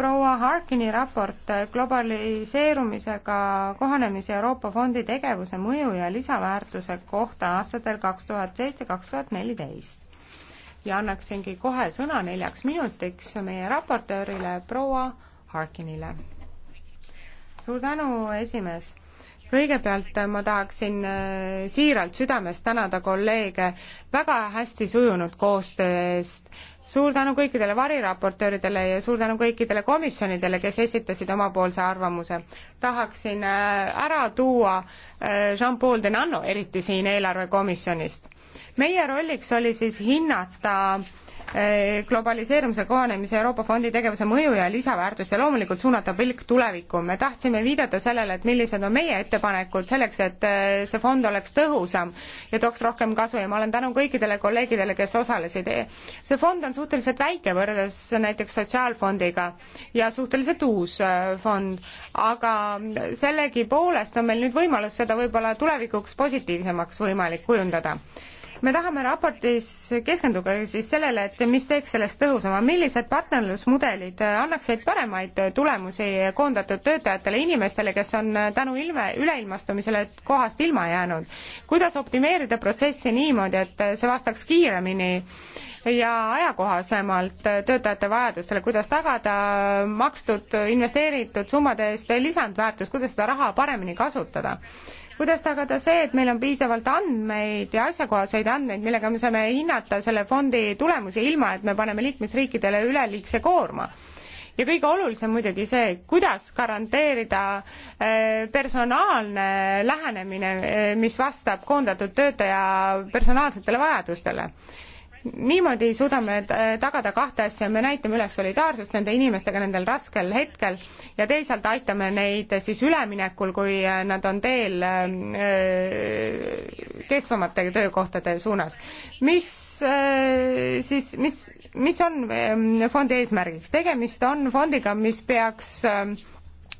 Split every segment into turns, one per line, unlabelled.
proua Harkini raport globaliseerumisega kohanemise Euroopa Fondi tegevuse mõju ja lisaväärtuse kohta aastatel kaks tuhat seitse, kaks tuhat neliteist. ja annaksingi kohe sõna neljaks minutiks meie raportöörile proua Harkinile. suur tänu, esimees kõigepealt äh, ma tahaksin äh, siiralt südamest tänada kolleege väga hästi sujunud koostöö eest. suur tänu kõikidele variraportööridele ja suur tänu kõikidele komisjonidele, kes esitasid omapoolse arvamuse. tahaksin äh, ära tuua Jean-Paul Denanno, eriti siin eelarvekomisjonist. meie rolliks oli siis hinnata äh, Eh, globaliseerumise kohanemise Euroopa Fondi tegevuse mõju ja lisaväärtust ja loomulikult suunata pilk tulevikku. me tahtsime viidata sellele, et millised on meie ettepanekud selleks, et eh, see fond oleks tõhusam ja tooks rohkem kasu ja ma olen tänu kõikidele kolleegidele, kes osalesid. see fond on suhteliselt väike võrreldes näiteks Sotsiaalfondiga ja suhteliselt uus eh, fond, aga sellegipoolest on meil nüüd võimalus seda võib-olla tulevikuks positiivsemaks võimalik kujundada me tahame raportis keskenduda siis sellele, et mis teeks sellest tõhusama, millised partnerlusmudelid annaksid paremaid tulemusi koondatud töötajatele, inimestele, kes on tänu ilme, üleilmastumisele kohast ilma jäänud. kuidas optimeerida protsessi niimoodi, et see vastaks kiiremini ja ajakohasemalt töötajate vajadustele, kuidas tagada makstud investeeritud summade eest lisandväärtus, kuidas seda raha paremini kasutada kuidas tagada see, et meil on piisavalt andmeid ja asjakohaseid andmeid, millega me saame hinnata selle fondi tulemusi, ilma et me paneme liikmesriikidele üleliigse koorma? ja kõige olulisem muidugi see, kuidas garanteerida eh, personaalne lähenemine, eh, mis vastab koondatud töötaja personaalsetele vajadustele niimoodi suudame tagada kahte asja, me näitame üles solidaarsust nende inimestega nendel raskel hetkel ja teisalt aitame neid siis üleminekul, kui nad on teel äh, kestvamate töökohtade suunas. mis äh, siis, mis, mis on ähm, fondi eesmärgiks? tegemist on fondiga, mis peaks ähm,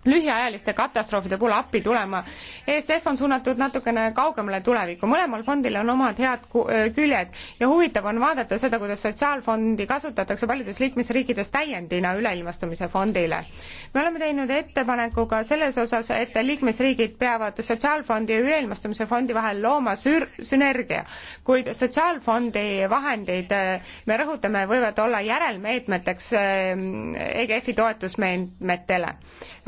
lühiajaliste katastroofide puhul appi tulema. ESF on suunatud natukene kaugemale tulevikku, mõlemal fondil on omad head äh, küljed ja huvitav on vaadata seda, kuidas sotsiaalfondi kasutatakse paljudes liikmesriikides täiendina üleilmastumise fondile. me oleme teinud ettepaneku ka selles osas, et liikmesriigid peavad sotsiaalfondi ja üleilmastumise fondi vahel looma sür-, sünergia, kuid sotsiaalfondi vahendid, äh, me rõhutame, võivad olla järelmeetmeteks äh, EGF-i toetusmeetmetele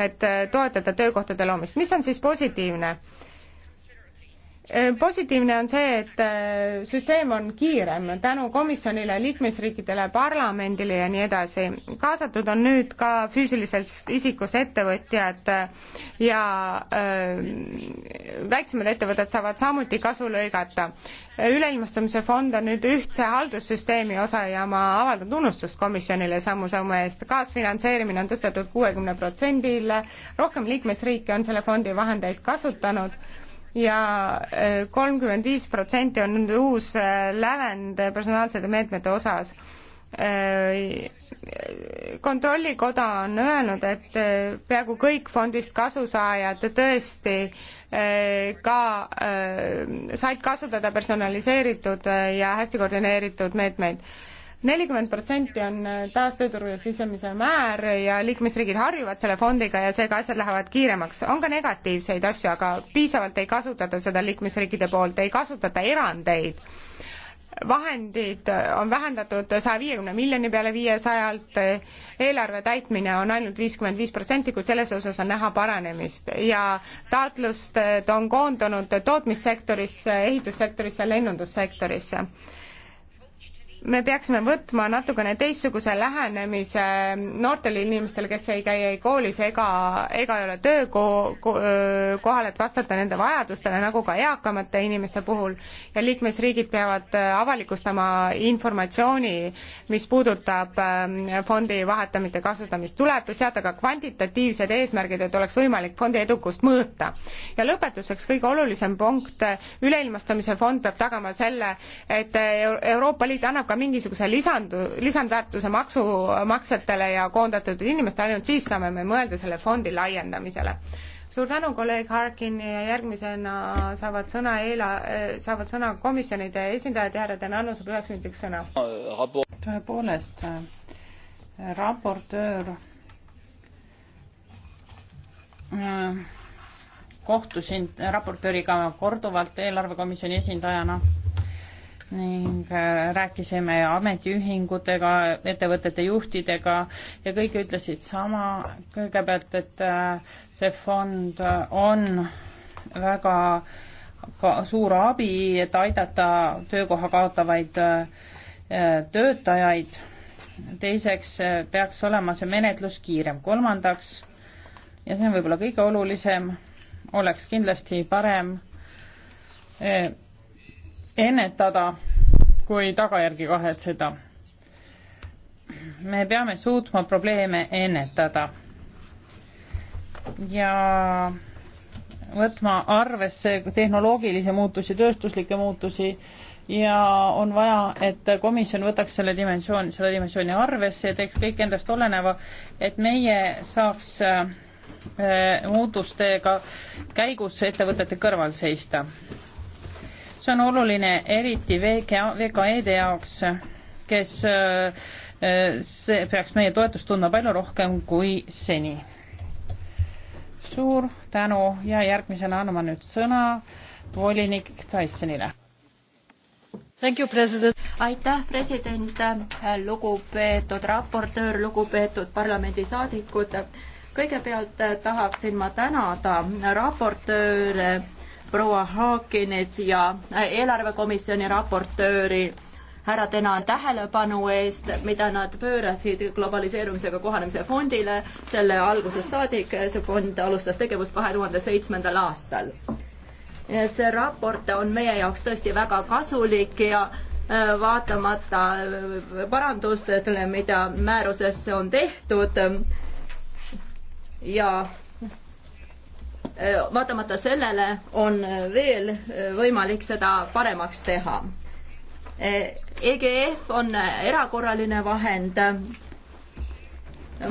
et et äh, toetada töökohtade loomist. mis on siis positiivne? Äh, positiivne on see, et äh, süsteem on kiirem tänu komisjonile, liikmesriikidele, parlamendile ja nii edasi. kaasatud on nüüd ka füüsilisest isikust ettevõtjad äh, ja äh, väiksemad ettevõtted saavad samuti kasu lõigata. üleilmastumise fond on nüüd ühtse haldussüsteemi osa ja ma avaldan tunnustust komisjonile sammu-sammu eest. kaasfinantseerimine on tõstetud kuuekümne protsendile, rohkem liikmesriike on selle fondi vahendeid kasutanud ja äh, kolmkümmend viis protsenti on nüüd uus äh, lävend personaalsete meetmete osas. Äh, kontrollikoda on öelnud, et peaaegu kõik fondist kasusaajad tõesti ka said kasutada personaliseeritud ja hästi koordineeritud meetmeid nelikümmend protsenti on äh, taastööturule sisemise määr ja liikmesriigid harjuvad selle fondiga ja seega asjad lähevad kiiremaks. on ka negatiivseid asju, aga piisavalt ei kasutata seda liikmesriikide poolt, ei kasutata erandeid vahendid äh, on vähendatud saja viiekümne miljoni peale viiesajalt, äh, eelarve täitmine on ainult viiskümmend viis protsenti, kuid selles osas on näha paranemist ja taotlust on koondunud tootmissektorisse, ehitussektorisse, lennundussektorisse me peaksime võtma natukene teistsuguse lähenemise noortele inimestele, kes ei käi ei koolis ega, ega ei ole töökohal, et vastata nende vajadustele, nagu ka eakamate inimeste puhul. ja liikmesriigid peavad äh, avalikustama informatsiooni, mis puudutab ähm, fondi vahetamite kasutamist. tuleb seada ka kvantitatiivsed eesmärgid, et oleks võimalik fondi edukust mõõta. ja lõpetuseks kõige olulisem punkt, äh, üleilmastamise fond peab tagama selle, et äh, Euroopa Liit annab ka mingisuguse lisandu, lisandväärtuse maksumaksjatele ja koondatud inimestele, ainult siis saame me mõelda selle fondi laiendamisele. suur tänu, kolleeg Harkin ja järgmisena saavad sõna eela-, saavad sõna komisjonide esindajad ja härra Denano saab
üheks minutiks sõna. tõepoolest, raportöör äh, kohtusin raportööriga korduvalt eelarvekomisjoni esindajana ning äh, rääkisime ametiühingutega, ettevõtete juhtidega ja kõik ütlesid sama, kõigepealt, et äh, see fond on väga ka suur abi, et aidata töökoha kaotavaid äh, töötajaid. teiseks peaks olema see menetlus kiirem. kolmandaks, ja see on võib-olla kõige olulisem, oleks kindlasti parem ennetada kui tagajärgi kahetseda. me peame suutma probleeme ennetada ja võtma arvesse tehnoloogilisi muutusi, tööstuslikke muutusi ja on vaja, et komisjon võtaks selle dimensiooni, seda dimensiooni arvesse ja teeks kõik endast oleneva, et meie saaks äh, muutustega käigus ettevõtete kõrval seista see on oluline eriti VKE-de jaoks, kes äh, see peaks meie toetust tundma palju rohkem kui seni. suur tänu ja järgmisena annan ma nüüd sõna volinik Tysonile.
President. aitäh, president, lugupeetud raportöör, lugupeetud parlamendisaadikud. kõigepealt tahaksin ma tänada raportööre proua Haakinit ja eelarvekomisjoni raportööri härra Tenan tähelepanu eest, mida nad pöörasid globaliseerumisega kohanemise fondile. selle algusest saadik see fond alustas tegevust kahe tuhande seitsmendal aastal. see raport on meie jaoks tõesti väga kasulik ja äh, vaatamata äh, parandustele, mida määrusesse on tehtud ja Äh, vaatamata sellele on äh, veel äh, võimalik seda paremaks teha. EGF on erakorraline vahend.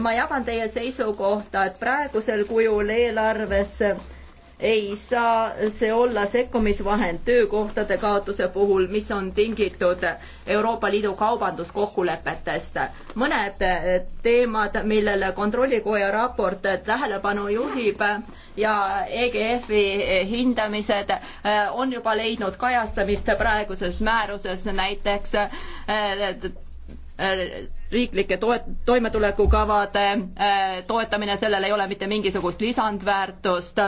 ma jagan teie seisukohta, et praegusel kujul eelarves ei saa see olla sekkumisvahend töökohtade kaotuse puhul, mis on tingitud Euroopa Liidu kaubanduskokkulepetest. mõned eh, teemad, millele Kontrollikoja raport tähelepanu juhib ja EGF-i eh, hindamised eh, on juba leidnud kajastamist praeguses määruses, näiteks riiklike toet-, toimetulekukavade toetamine, sellel ei ole mitte mingisugust lisandväärtust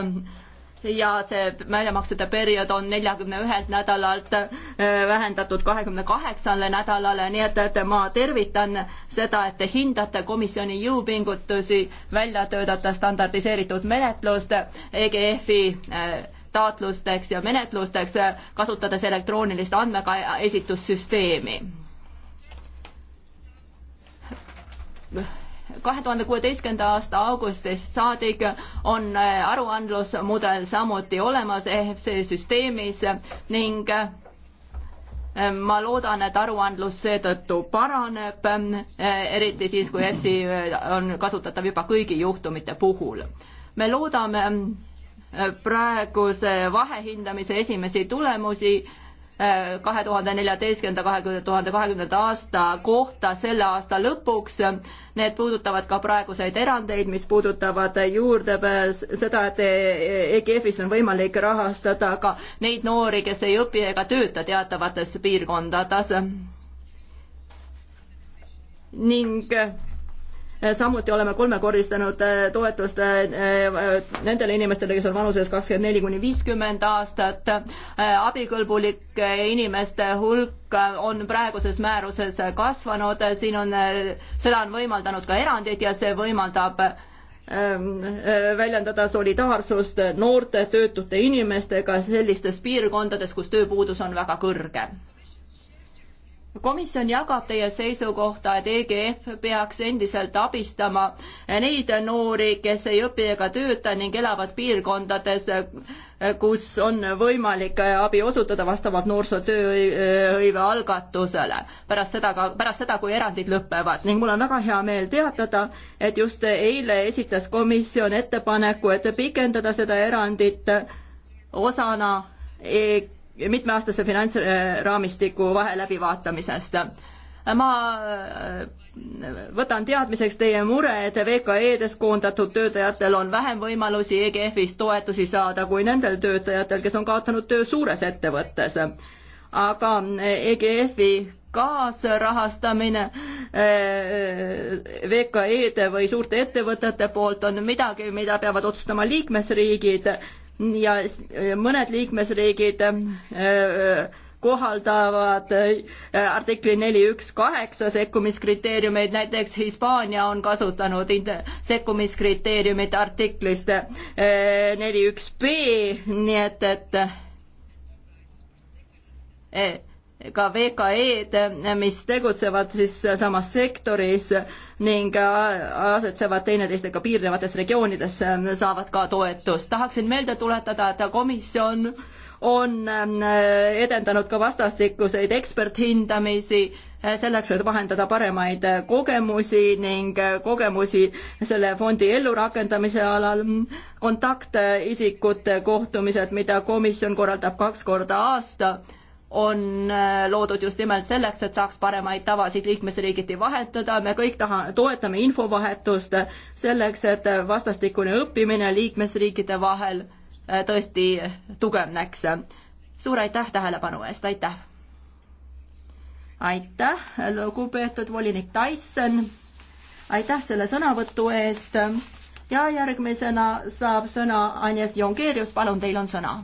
ja see väljamaksete periood on neljakümne ühelt nädalalt äh, vähendatud kahekümne kaheksale nädalale, nii et, et ma tervitan seda, et te hindate komisjoni jõupingutusi välja töötada standardiseeritud menetlust EGF-i äh, taotlusteks ja menetlusteks, kasutades elektroonilist andmega esitussüsteemi kahe tuhande kuueteistkümnenda aasta augustist saadik on äh, aruandlusmudel samuti olemas EFC süsteemis ning äh, ma loodan, et aruandlus seetõttu paraneb, äh, eriti siis, kui EFSI on kasutatav juba kõigi juhtumite puhul. me loodame praeguse vahehindamise esimesi tulemusi kahe tuhande neljateistkümnenda, kahe tuhande kahekümnenda aasta kohta selle aasta lõpuks. Need puudutavad ka praeguseid erandeid, mis puudutavad juurdepääs, seda, et EGF-ist on võimalik rahastada ka neid noori, kes ei õpi ega tööta teatavates piirkondades. ning samuti oleme kolmekordistanud eh, toetust eh, eh, nendele inimestele, kes on vanuses kakskümmend neli kuni viiskümmend aastat. abikõlbulike inimeste hulk on praeguses määruses kasvanud, siin on, seda on võimaldanud ka erandid ja see võimaldab ehm, väljendada solidaarsust noorte töötute inimestega sellistes piirkondades, kus tööpuudus on väga kõrge komisjon jagab teie seisukohta, et EGF peaks endiselt abistama neid noori, kes ei õpi ega tööta ning elavad piirkondades, kus on võimalik abi osutada vastavalt noorsootööhõive algatusele pärast seda ka, pärast seda, kui erandid lõpevad ning mul on väga hea meel teatada, et just eile esitas komisjon ettepaneku, et pikendada seda erandit osana e mitmeaastase finantsraamistiku vahe läbivaatamisest. ma äh, võtan teadmiseks teie mure, et VKE-des koondatud töötajatel on vähem võimalusi EGF-ist toetusi saada kui nendel töötajatel, kes on kaotanud töö suures ettevõttes. aga EGF-i kaasrahastamine äh, VKE-de või suurte ettevõtete poolt on midagi, mida peavad otsustama liikmesriigid ja mõned liikmesriigid äh, äh, kohaldavad äh, artikli neli üks kaheksa sekkumiskriteeriumeid, näiteks Hispaania on kasutanud sekkumiskriteeriumit artiklist neli üks B, nii et, et ka VKE-d, mis tegutsevad siis samas sektoris ning asetsevad teineteistega piirnevates regioonides, saavad ka toetust. tahaksin meelde tuletada, et komisjon on äh, edendanud ka vastastikuseid eksperthindamisi äh, selleks, et vahendada paremaid äh, kogemusi ning kogemusi selle fondi ellurakendamise alal, kontaktisikute kohtumised, mida komisjon korraldab kaks korda aasta on äh, loodud just nimelt selleks, et saaks paremaid tavasid liikmesriigiti vahetada, me kõik taha, toetame infovahetust selleks, et vastastikune õppimine liikmesriikide vahel äh, tõesti tugevneks. suur aitäh tähelepanu eest, aitäh! aitäh, lugupeetud volinik Tyson, aitäh selle sõnavõtu eest ja järgmisena saab sõna Agnes Jongeerius, palun, teil on sõna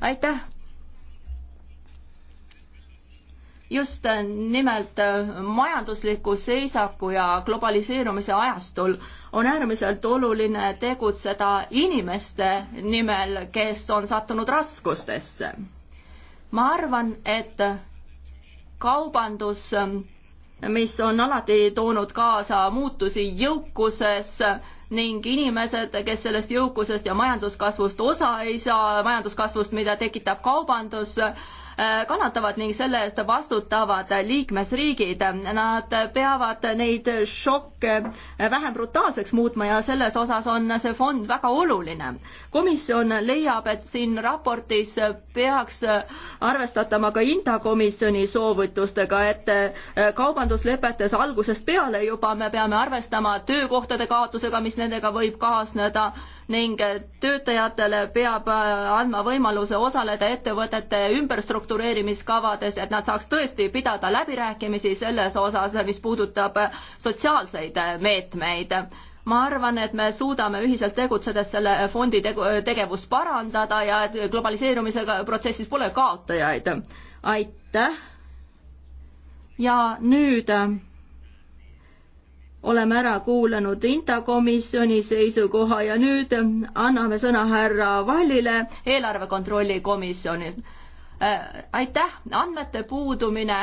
aitäh! just äh, nimelt äh, majandusliku seisaku ja globaliseerumise ajastul on äärmiselt oluline tegutseda inimeste nimel, kes on sattunud raskustesse. ma arvan, et kaubandus, äh, mis on alati toonud kaasa muutusi jõukuses, ning inimesed, kes sellest jõukusest ja majanduskasvust osa ei saa, majanduskasvust, mida tekitab kaubandus, Äh, kannatavad ning selle eest vastutavad liikmesriigid. Nad peavad neid šokke vähem brutaalseks muutma ja selles osas on see fond väga oluline. komisjon leiab, et siin raportis peaks arvestatama ka Inta komisjoni soovitustega, et äh, kaubanduslepetes algusest peale juba me peame arvestama töökohtade kaotusega, mis nendega võib kaasneda ning töötajatele peab äh, andma võimaluse osaleda ettevõtete ümberstruktureerimiskavades, et nad saaks tõesti pidada läbirääkimisi selles osas, mis puudutab äh, sotsiaalseid äh, meetmeid ma arvan, et me suudame ühiselt tegutsedes selle fondi tegu, tegevust parandada ja et globaliseerumisega protsessis pole kaotajaid. aitäh. ja nüüd oleme ära kuulanud Inta komisjoni seisukoha ja nüüd anname sõna härra Vallile eelarve kontrolli komisjonist. Äh, aitäh, andmete puudumine.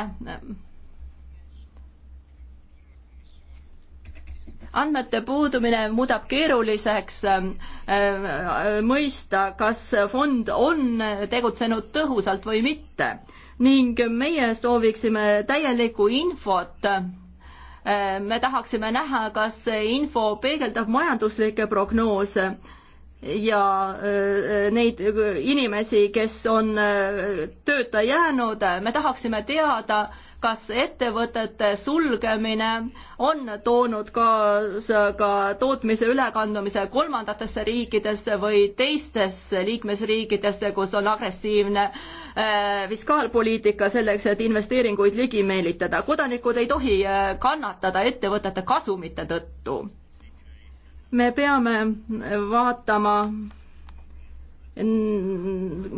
andmete puudumine muudab keeruliseks äh, mõista, kas fond on tegutsenud tõhusalt või mitte ning meie sooviksime täielikku infot Äh, me tahaksime näha, kas see info peegeldab majanduslikke prognoose ja äh, neid inimesi, kes on äh, tööta jäänud, me tahaksime teada, kas ettevõtete sulgemine on toonud kaasa ka tootmise ülekandumise kolmandatesse riikidesse või teistesse liikmesriikidesse, kus on agressiivne äh, Äh, fiskaalpoliitika selleks, et investeeringuid ligi meelitada. kodanikud ei tohi äh, kannatada ettevõtete kasumite tõttu. me peame vaatama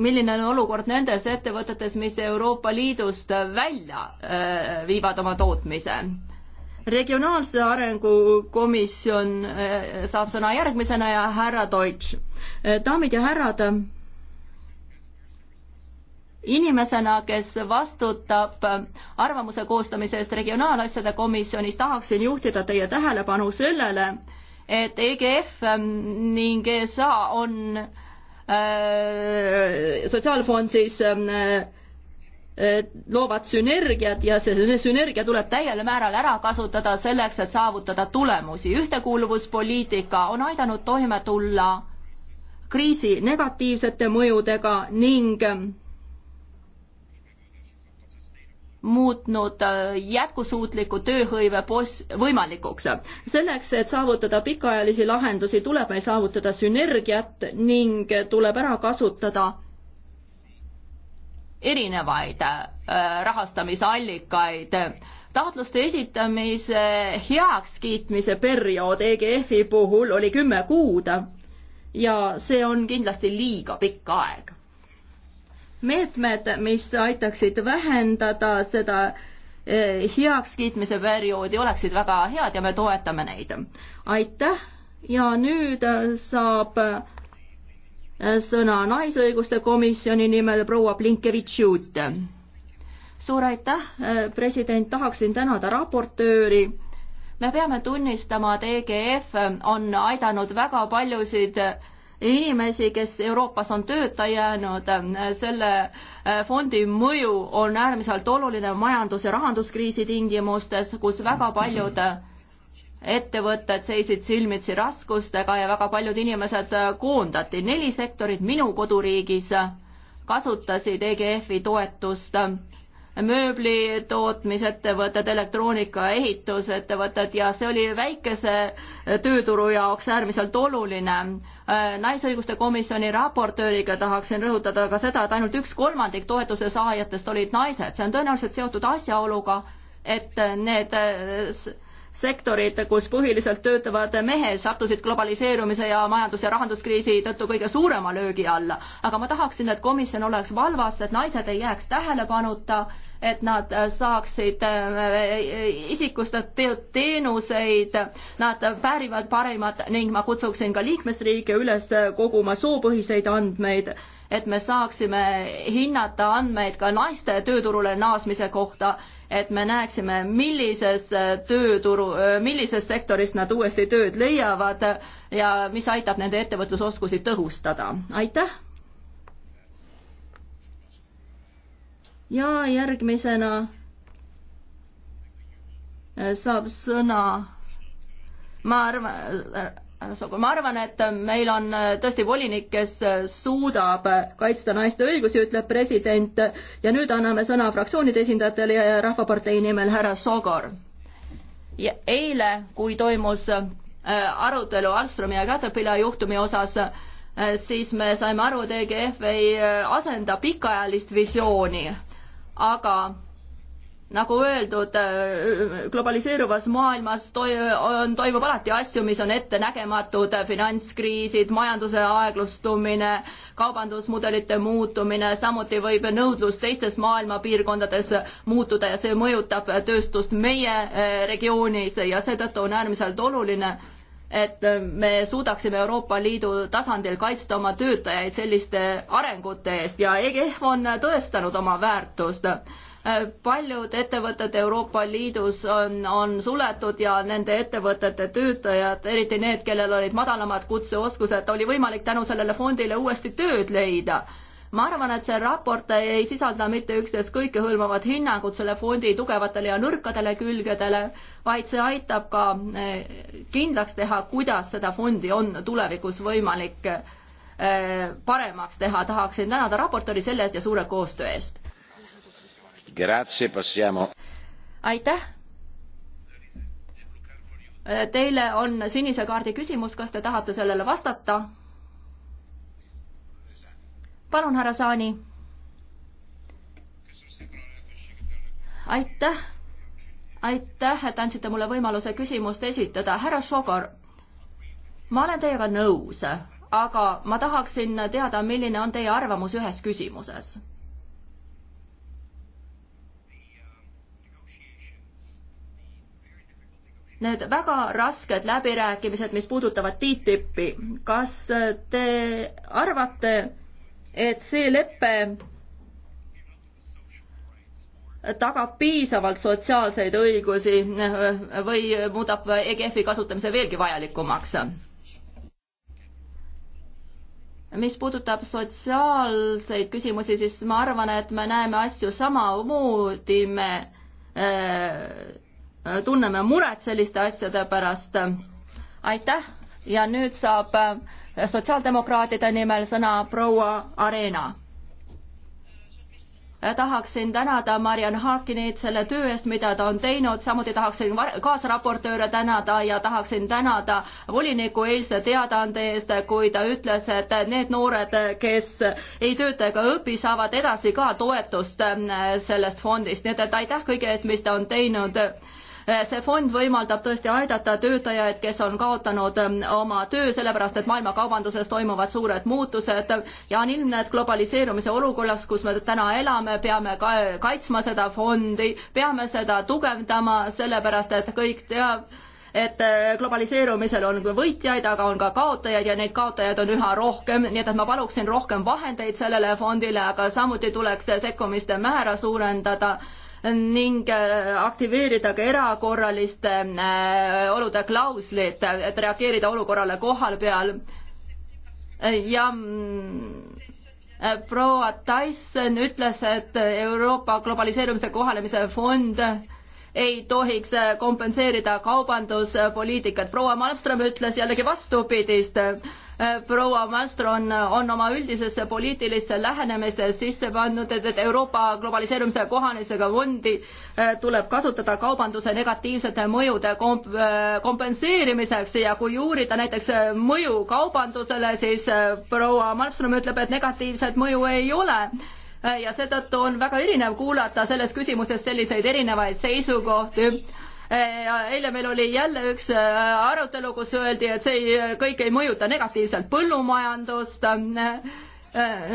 milline on olukord nendes ettevõtetes, mis Euroopa Liidust välja äh, viivad oma tootmise. regionaalse arengukomisjon saab sõna järgmisena ja härra Deutsch. daamid ja härrad inimesena, kes vastutab arvamuse koostamise eest Regionaalasjade Komisjonis, tahaksin juhtida teie tähelepanu sellele, et EGF ähm, ning ESA on äh, sotsiaalfond siis ähm, äh, loovad sünergiat ja see sünergia tuleb täiel määral ära kasutada selleks, et saavutada tulemusi. ühtekuuluvuspoliitika on aidanud toime tulla kriisi negatiivsete mõjudega ning ähm, muutnud äh, jätkusuutliku tööhõive pos-, võimalikuks. selleks, et saavutada pikaajalisi lahendusi, tuleb meil saavutada sünergiat ning tuleb ära kasutada erinevaid äh, rahastamisallikaid. taotluste esitamise heakskiitmise periood EGF-i puhul oli kümme kuud ja see on kindlasti liiga pikk aeg meetmed, mis aitaksid vähendada seda eh, heakskiitmise perioodi, oleksid väga head ja me toetame neid. aitäh ja nüüd eh, saab eh, sõna Naisõiguste Komisjoni nimel proua Blinkevitš-Jut. suur aitäh, president, tahaksin tänada raportööri me peame tunnistama, et EGF on aidanud väga paljusid inimesi, kes Euroopas on tööta jäänud, selle äh, fondi mõju on äärmiselt oluline majandus- ja rahanduskriisi tingimustes, kus väga paljud äh, ettevõtted seisid silmitsi raskustega ja väga paljud inimesed äh, koondati. neli sektorit minu koduriigis kasutasid EGF-i toetust mööblitootmisettevõtted, elektroonika ehitusettevõtted ja see oli väikese tööturu jaoks äärmiselt oluline. Äh, naisõiguste komisjoni raportööriga tahaksin rõhutada ka seda, et ainult üks kolmandik toetuse saajatest olid naised, see on tõenäoliselt seotud asjaoluga, et need äh, sektorid, kus põhiliselt töötavad mehed, sattusid globaliseerumise ja majandus- ja rahanduskriisi tõttu kõige suurema löögi alla. aga ma tahaksin, et komisjon oleks valvas, et naised ei jääks tähelepanuta et nad äh, saaksid äh, isikustatud teenuseid, nad väärivad parimat ning ma kutsuksin ka liikmesriike üles äh, koguma soopõhiseid andmeid, et me saaksime hinnata andmeid ka naiste tööturule naasmise kohta, et me näeksime, millises tööturu, millises sektoris nad uuesti tööd leiavad ja mis aitab nende ettevõtlusoskusi tõhustada. aitäh! ja järgmisena äh, saab sõna, ma arvan, äh, äh, ma arvan, et meil on tõesti volinik, kes suudab kaitsta naiste õigusi, ütleb president ja nüüd anname sõna fraktsioonide esindajatele ja Rahvapartei nimel härra Sogor. eile, kui toimus arutelu Alströmi ja Caterpillar juhtumi osas, siis me saime aru, TGF e ei asenda pikaajalist visiooni aga nagu öeldud, äh, globaliseeruvas maailmas toi-, on, toimub alati asju, mis on ettenägematud, finantskriisid, majanduse aeglustumine, kaubandusmudelite muutumine, samuti võib nõudlus teistes maailma piirkondades muutuda ja see mõjutab tööstust meie äh, regioonis ja seetõttu on äärmiselt oluline, et me suudaksime Euroopa Liidu tasandil kaitsta oma töötajaid selliste arengute eest ja EGF on tõestanud oma väärtust. paljud ettevõtted Euroopa Liidus on, on suletud ja nende ettevõtete töötajad, eriti need, kellel olid madalamad kutseoskused, oli võimalik tänu sellele fondile uuesti tööd leida ma arvan, et see raport ei sisalda mitte üksnes kõikehõlmavat hinnangut selle fondi tugevatele ja nõrkadele külgedele, vaid see aitab ka eh, kindlaks teha, kuidas seda fondi on tulevikus võimalik eh, paremaks teha. tahaksin tänada raportööri selle eest ja suure koostöö eest. aitäh. Eh, teile on sinise kaardi küsimus, kas te tahate sellele vastata? palun, härra Saani. aitäh, aitäh, et andsite mulle võimaluse küsimust esitada. härra Šogor, ma olen teiega nõus, aga ma tahaksin teada, milline on teie arvamus ühes küsimuses need väga rasked läbirääkimised, mis puudutavad TTIP-i, kas te arvate, et see lepe tagab piisavalt sotsiaalseid õigusi või muudab EGF-i kasutamise veelgi vajalikumaks. mis puudutab sotsiaalseid küsimusi, siis ma arvan, et me näeme asju samamoodi, me äh, tunneme muret selliste asjade pärast. aitäh ja nüüd saab äh, sotsiaaldemokraatide nimel sõna proua Arena. tahaksin tänada Mariann Harkinit selle töö eest, mida ta on teinud, samuti tahaksin kaasraportööre tänada ja tahaksin tänada voliniku eilse teadaande eest, kui ta ütles, et need noored, kes ei tööta ega õpi, saavad edasi ka toetust mm, sellest fondist, nii et, et aitäh kõige eest, mis ta on teinud Eh, see fond võimaldab tõesti aidata töötajaid, kes on kaotanud eh, oma töö, sellepärast et maailma kaubanduses toimuvad suured muutused ja on ilmne, et globaliseerumise olukorras, kus me täna elame, peame ka kaitsma seda fondi, peame seda tugevdama, sellepärast et kõik teab, et eh, globaliseerumisel on võitjaid, aga on ka kaotajaid ja neid kaotajaid on üha rohkem, nii et, et ma paluksin rohkem vahendeid sellele fondile, aga samuti tuleks sekkumiste määra suurendada ning äh, aktiveerida ka erakorraliste äh, olude klauslid, et reageerida olukorrale kohal peal. ja mm, äh, proua Tyson ütles, et Euroopa globaliseerumise kohalemise fond ei tohiks äh, kompenseerida kaubanduspoliitikat. proua Malmström ütles jällegi vastupidist. Äh, proua Malmström on oma üldisesse poliitilisse lähenemisse sisse pannud, et, et Euroopa globaliseerumise kohanemisega fondi äh, tuleb kasutada kaubanduse negatiivsete mõjude komp-, kompenseerimiseks ja kui uurida näiteks mõju kaubandusele, siis proua Malmström ütleb, et negatiivset mõju ei ole Äh, ja seetõttu on väga erinev kuulata selles küsimuses selliseid erinevaid seisukohti äh, ja eile meil oli jälle üks äh, arutelu, kus öeldi, et see kõik ei mõjuta negatiivselt põllumajandust.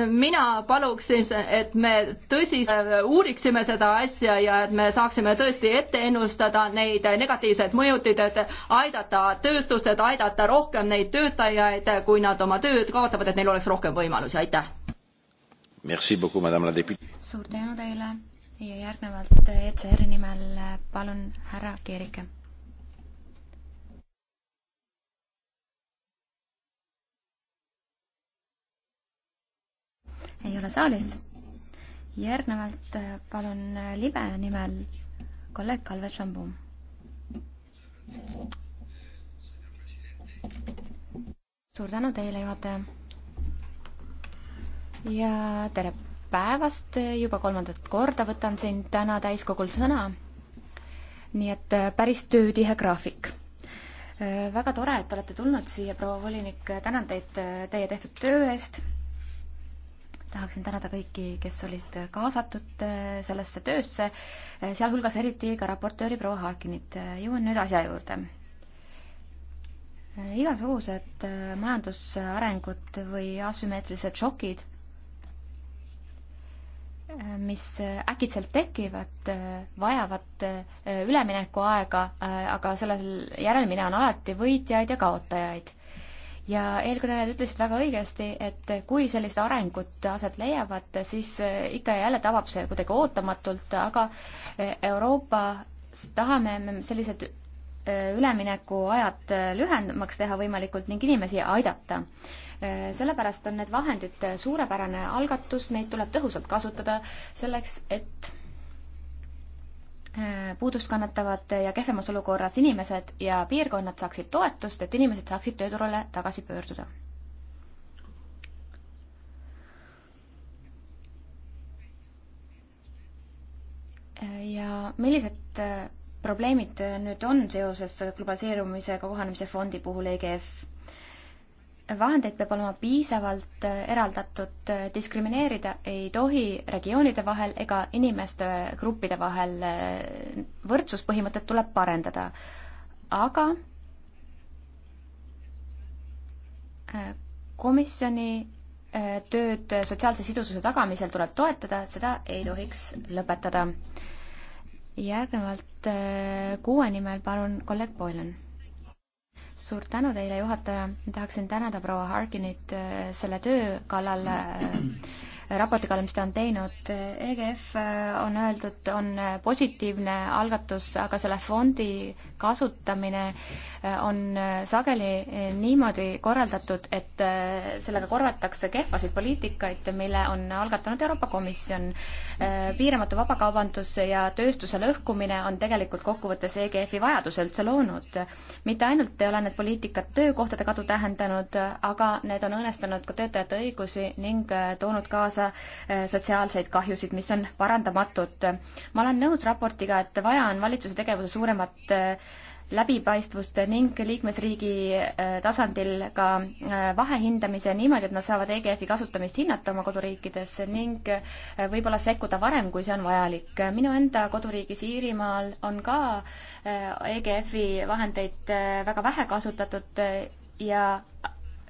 mina paluksin, et me tõsiselt uuriksime seda asja ja et me saaksime tõesti ette ennustada neid negatiivseid mõjuteid, et aidata tööstust, et aidata rohkem neid töötajaid, kui nad oma tööd kaotavad, et neil oleks rohkem võimalusi, aitäh
suur tänu teile ja järgnevalt ECR-i nimel palun härra Keerike. ei ole saalis. järgnevalt palun libe nimel kolleeg Kalve Šambum. suur tänu teile, juhataja ja tere päevast, juba kolmandat korda võtan siin täna täiskogul sõna. nii et äh, päris töötihe graafik. Äh, väga tore, et olete tulnud siia, proua volinik, tänan teid äh, teie tehtud töö eest. tahaksin tänada kõiki, kes olid kaasatud sellesse töösse, sealhulgas eriti ka raportööri proua Harkinit. jõuan nüüd asja juurde igasugused majandusarengud või asümmeetrilised šokid mis äkitselt tekivad, vajavad äh, üleminekuaega, äh, aga sellel järelmine on alati võitjaid ja kaotajaid. ja eelkõnelejad ütlesid väga õigesti, et kui sellised arengud aset leiavad, siis äh, ikka ja jälle tabab see kuidagi ootamatult, aga Euroopas tahame me sellised üleminekuajad lühendamaks teha võimalikult ning inimesi aidata Äh, sellepärast on need vahendid äh, suurepärane algatus, neid tuleb tõhusalt kasutada selleks, et äh, puudust kannatavad ja kehvemas olukorras inimesed ja piirkonnad saaksid toetust, et inimesed saaksid tööturule tagasi pöörduda. ja millised probleemid nüüd on seoses globaliseerumisega kohanemise fondi puhul EGF? vahendeid peab olema piisavalt äh, eraldatud, äh, diskrimineerida ei tohi regioonide vahel ega inimeste gruppide vahel, äh, võrdsuspõhimõtet tuleb parendada. aga komisjoni tööd sotsiaalse sidususe tagamisel tuleb toetada, seda ei tohiks lõpetada. järgnevalt kuue nimel palun kolleeg Boylan suur tänu teile, juhataja. tahaksin tänada proua Harkinit äh, selle töö kallal äh, raporti kallal, mis ta on teinud. EGF äh, on öeldud, on positiivne algatus, aga selle fondi kasutamine äh, on sageli niimoodi korraldatud, et äh, sellega korvatakse kehvasid poliitikaid, mille on algatanud Euroopa Komisjon. Äh, piiramatu vabakaubandus ja tööstuse lõhkumine on tegelikult kokkuvõttes EGF-i vajaduse üldse loonud. mitte ainult ei ole need poliitikad töökohtade kadu tähendanud, aga need on õõnestanud ka töötajate õigusi ning äh, toonud kaasa sotsiaalseid kahjusid, mis on parandamatud. ma olen nõus raportiga, et vaja on valitsuse tegevuse suuremat läbipaistvust ning liikmesriigi äh, tasandil ka äh, vahehindamise niimoodi, et nad saavad EGF-i kasutamist hinnata oma koduriikides ning äh, võib-olla sekkuda varem, kui see on vajalik. minu enda koduriigis Iirimaal on ka EGF-i vahendeid väga vähe kasutatud ja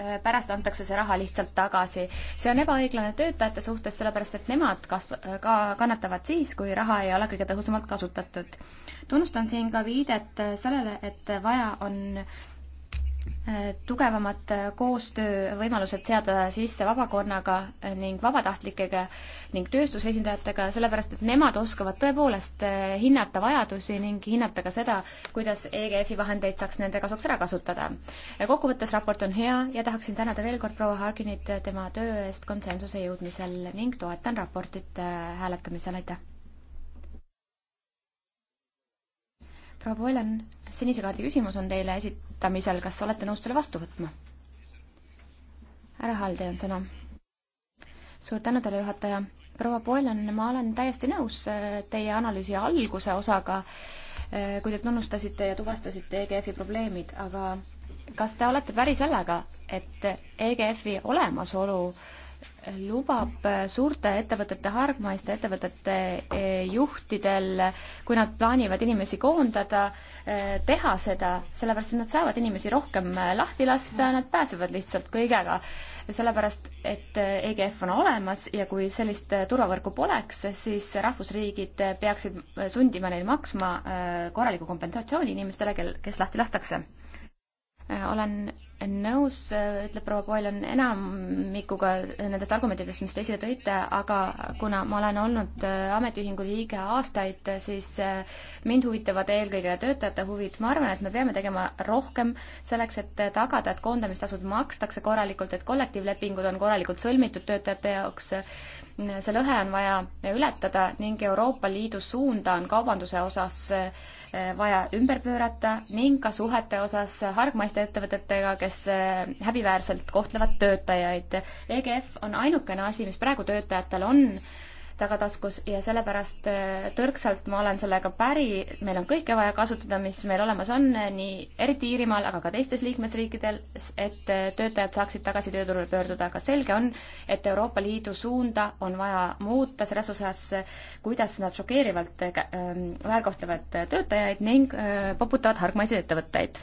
Äh, pärast antakse see raha lihtsalt tagasi. see on ebaõiglane töötajate suhtes, sellepärast et nemad kasv-, äh, ka kannatavad siis, kui raha ei ole kõige tõhusamalt kasutatud. tunnustan siin ka viidet äh, sellele, et vaja on tugevamad koostöövõimalused seada sisse vabakonnaga ning vabatahtlikega ning tööstuse esindajatega, sellepärast et nemad oskavad tõepoolest eh, hinnata vajadusi ning hinnata ka seda, kuidas EGF-i vahendeid saaks nende kasuks ära kasutada. kokkuvõttes raport on hea ja tahaksin tänada veel kord proua Harkinit tema töö eest konsensuse jõudmisel ning toetan raportit eh, hääletamisel, aitäh! proua Boylan, sinise kaardi küsimus on teile esitamisel, kas olete nõus selle vastu võtma? härra Hall, teil on sõna. suur tänu teile, juhataja. proua Boylan, ma olen täiesti nõus äh, teie analüüsi alguse osaga, äh, kui te tunnustasite ja tuvastasite EGF-i probleemid, aga kas te olete päri sellega, et EGF-i olemasolu äh, lubab suurte ettevõtete, hargmaiste ettevõtete eh, juhtidel, kui nad plaanivad inimesi koondada, eh, teha seda, sellepärast et nad saavad inimesi rohkem eh, lahti lasta, nad pääsevad lihtsalt kõigega. sellepärast, et EGF e on olemas ja kui sellist turvavõrku poleks, siis rahvusriigid peaksid sundima neil maksma korraliku kompensatsiooni inimestele, kel, kes lahti lastakse. olen nõus, ütleb proua Koeljon, enamikuga nendest argumentidest, mis te esile tõite, aga kuna ma olen olnud ametiühingu liige aastaid, siis mind huvitavad eelkõige töötajate huvid. ma arvan, et me peame tegema rohkem selleks, et tagada, et koondamistasud makstakse korralikult, et kollektiivlepingud on korralikult sõlmitud töötajate jaoks. see lõhe on vaja ületada ning Euroopa Liidu suunda on kaubanduse osas Eh, vaja ümber pöörata ning ka suhete osas hargmaiste ettevõtetega, kes eh, häbiväärselt kohtlevad töötajaid. EGF on ainukene asi, mis praegu töötajatel on tagataskus ja sellepärast äh, tõrksalt ma olen sellega päri, meil on kõike vaja kasutada, mis meil olemas on, äh, nii eriti Iirimaal, aga ka teistes liikmesriikidel, et äh, töötajad saaksid tagasi tööturule pöörduda, aga selge on, et Euroopa Liidu suunda on vaja muuta selles osas, kuidas nad šokeerivalt ähm, väärkohtlevad töötajaid ning poputavad hargmaiseid ettevõtteid.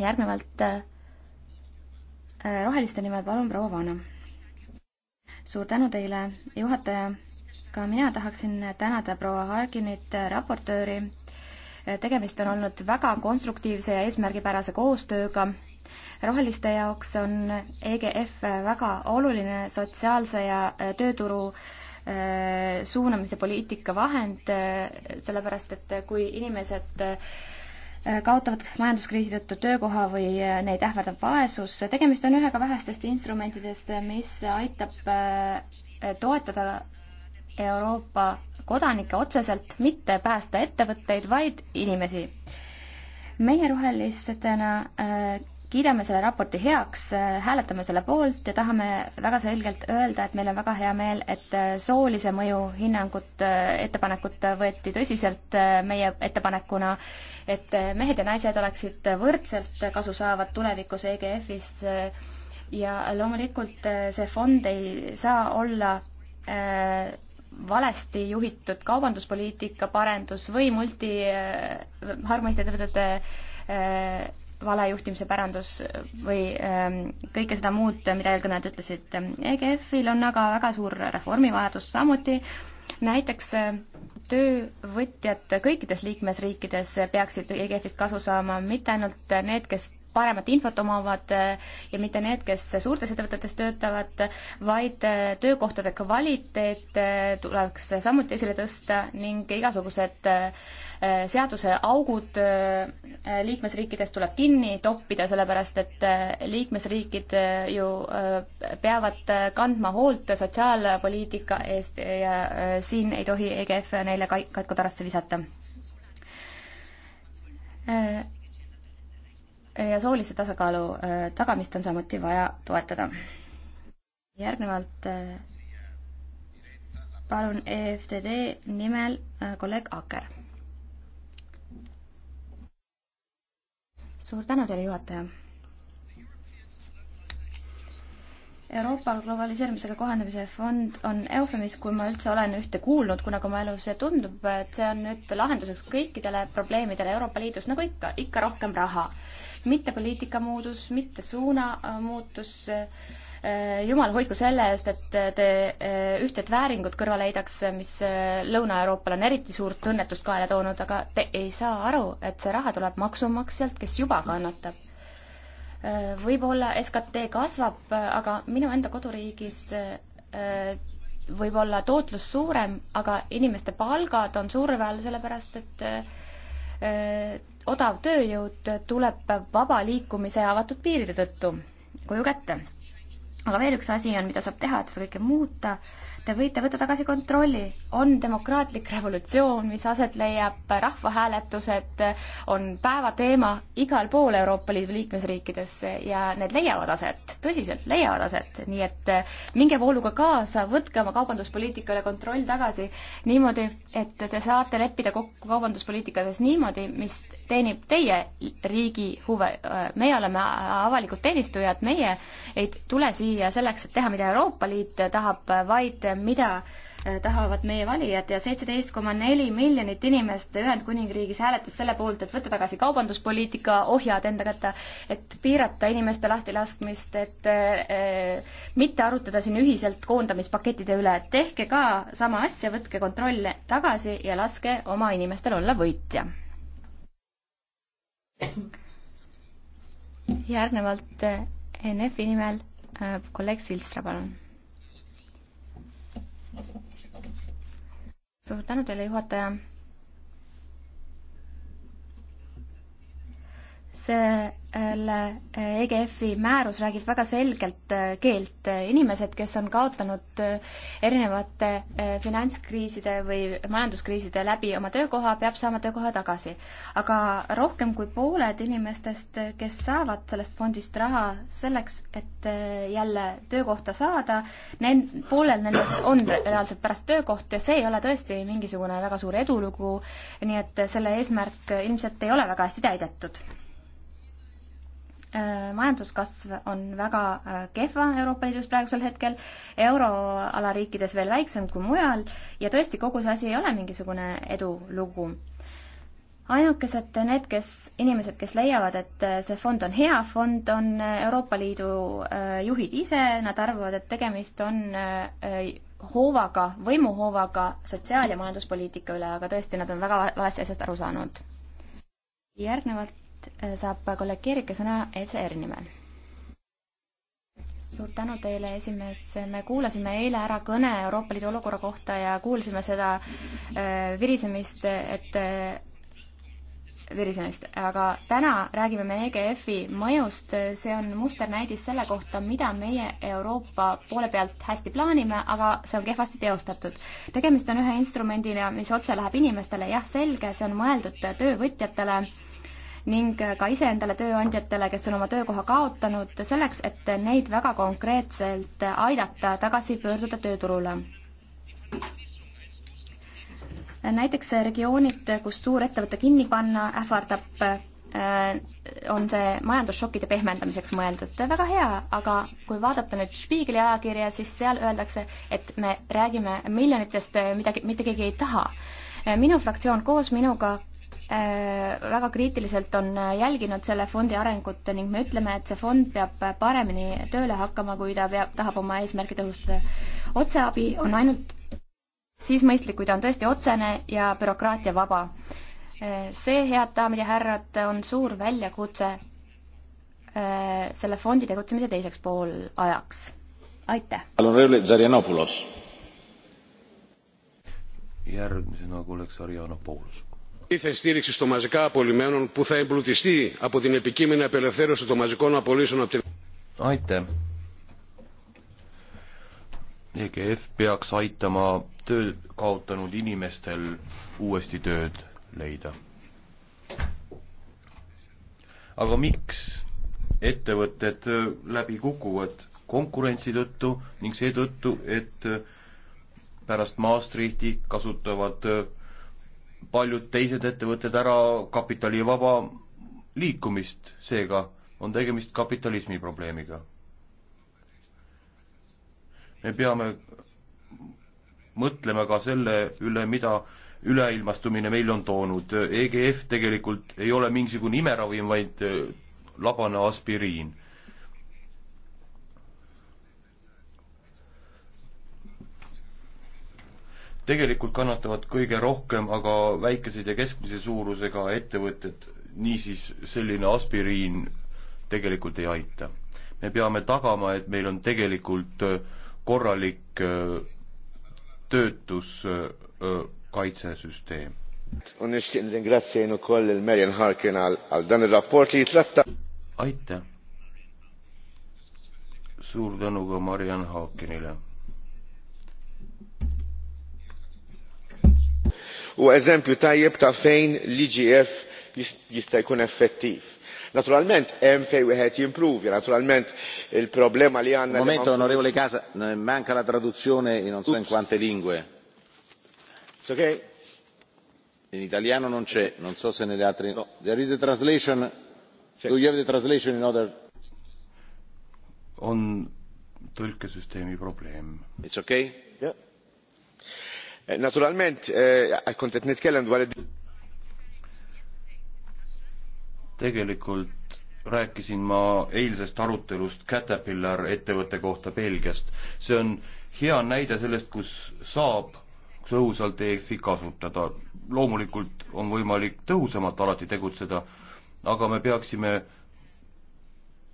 järgnevalt roheliste nimel palun proua Vana suur tänu teile, juhataja ka mina tahaksin tänada proua Harginit, raportööri. tegemist on olnud väga konstruktiivse ja eesmärgipärase koostööga. roheliste jaoks on EGF väga oluline sotsiaalse ja äh, tööturu äh, suunamise poliitika vahend, äh, sellepärast et kui inimesed kaotavad majanduskriisi tõttu töökoha või neid ähvardab vaesus. tegemist on ühega vähestest instrumentidest, mis aitab toetada Euroopa kodanikke otseselt, mitte päästa ettevõtteid, vaid inimesi. meie rohelistena äh, kiidame selle raporti heaks, äh, hääletame selle poolt ja tahame väga selgelt öelda, et meil on väga hea meel, et äh, soolise mõju hinnangut, äh, ettepanekut võeti tõsiselt meie ettepanekuna, et mehed ja naised oleksid võrdselt kasu saavad tulevikus EGF-ist ja loomulikult see fond ei saa olla valesti juhitud kaubanduspoliitika parendus või multi harmonistettevõtete äh, valejuhtimise pärandus või ähm, kõike seda muud, mida eelkõnelejad ütlesid. EGF-il on aga väga suur reformivajadus samuti, näiteks äh, töövõtjad kõikides liikmesriikides peaksid EGF-ist kasu saama, mitte ainult need, kes paremat infot omavad äh, ja mitte need, kes suurtes ettevõtetes töötavad, vaid äh, töökohtade kvaliteet äh, tuleks samuti esile tõsta ning igasugused seaduse augud liikmesriikides tuleb kinni toppida, sellepärast et liikmesriigid ju peavad kandma hoolt sotsiaalpoliitika eest ja siin ei tohi EGF neile katku tarasse visata ja soolise tasakaalu äh, tagamist on samuti vaja toetada. järgnevalt äh, palun EFTD nimel äh, kolleeg Aker. suur tänu teile, juhataja Euroopa globaliseerimisega kohanemise fond on eufemism, kui ma üldse olen ühte kuulnud kunagi oma elus ja tundub, et see on nüüd lahenduseks kõikidele probleemidele Euroopa Liidus, nagu ikka, ikka rohkem raha. mitte poliitika muudus, mitte suuna äh, muutus, äh, jumal hoidku selle eest, et äh, te ühtet vääringut kõrvale heidaks, mis Lõuna-Euroopale on eriti suurt õnnetust kaela toonud, aga te ei saa aru, et see raha tuleb maksumaksjalt, kes juba kannatab võib-olla SKT kasvab, aga minu enda koduriigis äh, võib olla tootlus suurem, aga inimeste palgad on surve all, sellepärast et äh, odav tööjõud tuleb vaba liikumise avatud piiride tõttu koju kätte. aga veel üks asi on, mida saab teha, et seda kõike muuta Te võite võtta tagasi kontrolli, on demokraatlik revolutsioon, mis aset leiab, rahvahääletused on päevateema igal pool Euroopa Liidu liikmesriikides ja need leiavad aset, tõsiselt leiavad aset, nii et eh, minge vooluga kaasa, võtke oma kaubanduspoliitika üle kontroll tagasi niimoodi, et te saate leppida kokku kaubanduspoliitikates niimoodi, mis teenib teie riigi huve. meie oleme avalikud teenistujad, meie ei tule siia selleks, et teha, mida Euroopa Liit tahab, vaid mida äh, tahavad meie valijad ja seitseteist koma neli miljonit inimest Ühendkuningriigis hääletas selle poolt, et võtta tagasi kaubanduspoliitika ohjad enda kätte, et piirata inimeste lahtilaskmist, et äh, mitte arutada siin ühiselt koondamispakettide üle, et tehke ka sama asja, võtke kontroll tagasi ja laske oma inimestel olla võitja. järgnevalt äh, NF-i nimel äh, kolleeg Silstra, palun suur tänu teile, juhataja selle äh, EGF-i määrus räägib väga selgelt äh, keelt. inimesed, kes on kaotanud äh, erinevate finantskriiside või majanduskriiside läbi oma töökoha, peab saama töökoha tagasi. aga rohkem kui pooled inimestest, kes saavad sellest fondist raha selleks, et jälle töökohta saada, nend-, poolel nendest on reaalselt pärast töökoht ja see ei ole tõesti mingisugune väga suur edulugu, nii et selle eesmärk ilmselt ei ole väga hästi täidetud Äh, majanduskasv on väga äh, kehva Euroopa Liidus praegusel hetkel, euroala riikides veel väiksem kui mujal ja tõesti, kogu see asi ei ole mingisugune edulugu. ainukesed need, kes, inimesed, kes leiavad, et äh, see fond on hea fond, on Euroopa Liidu juhid ise, nad arvavad, et tegemist on hoovaga, võimuhoovaga sotsiaal- ja majanduspoliitika üle, aga tõesti, nad on väga valesti asjast aru saanud. järgnevalt nüüd äh, saab kolleeg Kiirike sõna ECR nimel. suur tänu teile, esimees, me kuulasime eile ära kõne Euroopa Liidu olukorra kohta ja kuulsime seda äh, virisemist, et äh, virisemist, aga täna räägime me EGF-i mõjust, see on musternäidis selle kohta, mida meie Euroopa poole pealt hästi plaanime, aga see on kehvasti teostatud. tegemist on ühe instrumendina, mis otse läheb inimestele, jah, selge, see on mõeldud töövõtjatele ning ka iseendale tööandjatele, kes on oma töökoha kaotanud, selleks, et neid väga konkreetselt aidata tagasi pöörduda tööturule. näiteks regioonid, kus suurettevõte kinni panna ähvardab, äh, on see majandusšokkide pehmendamiseks mõeldud. väga hea, aga kui vaadata nüüd Spiegeli ajakirja, siis seal öeldakse, et me räägime miljonitest, mida mitte keegi ei taha. minu fraktsioon koos minuga Äh, väga kriitiliselt on äh, jälginud selle fondi arengut ning me ütleme, et see fond peab äh, paremini tööle hakkama, kui ta peab, tahab oma eesmärke tõhustada. otseabi on ainult siis mõistlik, kui ta on tõesti otsene ja bürokraatiavaba. see, head daamid ja härrad, on suur väljakutse selle fondi tegutsemise teiseks poolajaks. aitäh!
järgmisena kuuleks Ariana Paulus ήθεν στήριξη των μαζικά απολυμμένων που θα εμπλουτιστεί από την επικείμενη απελευθέρωση των μαζικών απολύσεων από την. Aitäh. EGF peaks aitama töö kaotanud inimestel uuesti tööd leida. aga miks ettevõtted läbi kukuvad konkurentsi tõttu ning seetõttu, et pärast Maastrichti kasutavad paljud teised ettevõtted ära kapitali vaba liikumist, seega on tegemist kapitalismi probleemiga. me peame mõtlema ka selle üle, mida üleilmastumine meil on toonud. EGF tegelikult ei ole mingisugune imeravim, vaid eh, labane aspiriin. tegelikult kannatavad kõige rohkem aga väikesed ja keskmise suurusega ettevõtted, niisiis selline aspiriin tegelikult ei aita. me peame tagama, et meil on tegelikult äh, korralik äh, töötuskaitsesüsteem. Äh, aitäh! suur tänu ka Mariann Haakenile u
eżempju tajjeb ta' fejn l-igf jista' jkun effettiv. Naturalment hemm fejn wieħed jimpruvja, naturalment il-problema li għandna. Momento onorevole Casa,
manca la traduzione in non so in quante lingue. It's okay. In italiano non c'è, non so se nelle altre. No. There is a translation. Sì. Do you have the translation in other? On tõlkesüsteemi probleem. It's okay? Yeah. Eh, naturalment kont eh, qed nitkellem dwar tegelikult rääkisin ma eilsest arutelust Caterpillar ettevõtte kohta Belgiast. see on hea näide sellest, kus saab tõhusalt EFI kasutada. loomulikult on võimalik tõhusamalt alati tegutseda, aga me peaksime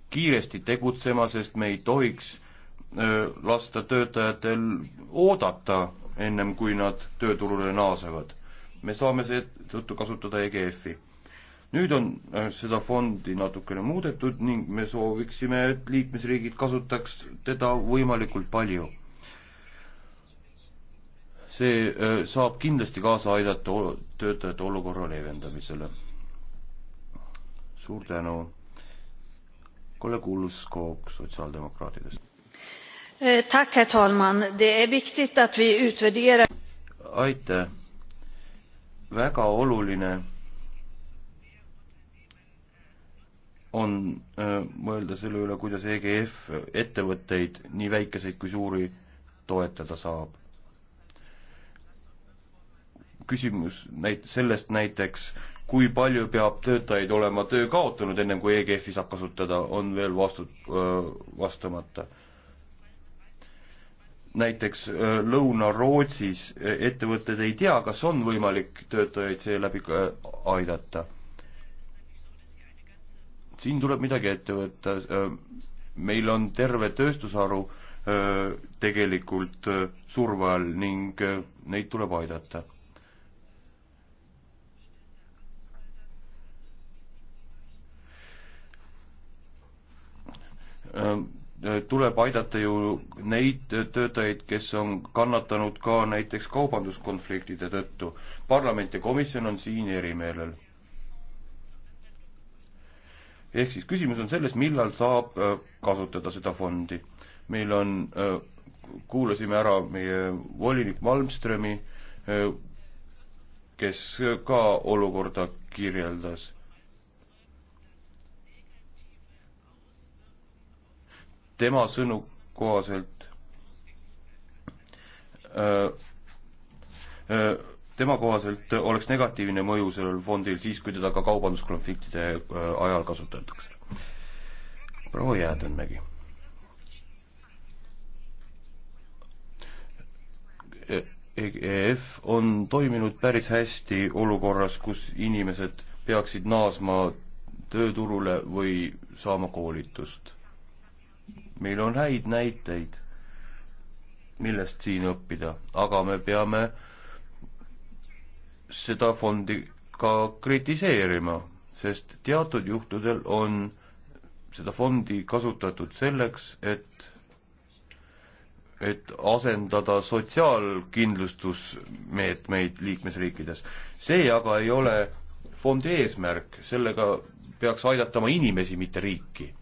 kiiresti tegutsema, sest me ei tohiks Äh, lasta töötajatel oodata ennem kui nad tööturule naasevad. me saame seetõttu kasutada EGF-i. nüüd on äh, seda fondi natukene muudetud ning me sooviksime, et liikmesriigid kasutaks teda võimalikult palju. see äh, saab kindlasti kaasa aidata töötajate olukorra leevendamisele. suur tänu. Kalle Kuuluskoog sotsiaaldemokraatidest.
Eh, herr talman, det är viktigt att vi utvärderar.
aitäh, väga oluline on öö, eh, mõelda selle üle, kuidas EGF ettevõtteid, nii väikeseid kui suuri, toetada saab. küsimus näit-, sellest näiteks, kui palju peab töötajaid olema töö kaotanud, ennem kui EGF-i saab kasutada, on veel vastu, eh, vastamata näiteks äh, Lõuna-Rootsis äh, ettevõtted ei tea, kas on võimalik töötajaid seeläbi äh, aidata. siin tuleb midagi ette võtta. meil on terve tööstusharu tegelikult surve all ning neid tuleb aidata. Um Äh, tuleb aidata ju neid äh, töötajaid, kes on kannatanud ka näiteks kaubanduskonfliktide tõttu. parlament ja komisjon on siin erimeelel. ehk siis küsimus on selles, millal saab äh, kasutada seda fondi. meil on, kuulasime ära meie volinik Malmströmi, kes ka olukorda kirjeldas tema sõnu kohaselt öö, äh, öö, äh, tema kohaselt oleks negatiivne mõju sellel fondil siis, kui teda ka kaubanduskonfliktide äh, ajal kasutatakse. proua Jäädenmägi. EGF on toiminud päris hästi olukorras, kus inimesed peaksid naasma tööturule või saama koolitust meil on häid näiteid, millest siin õppida, aga me peame seda fondi ka kritiseerima, sest teatud juhtudel on seda fondi kasutatud selleks, et et asendada sotsiaalkindlustusmeetmeid liikmesriikides. see aga ei ole fondi eesmärk, sellega peaks aidatama inimesi, mitte riiki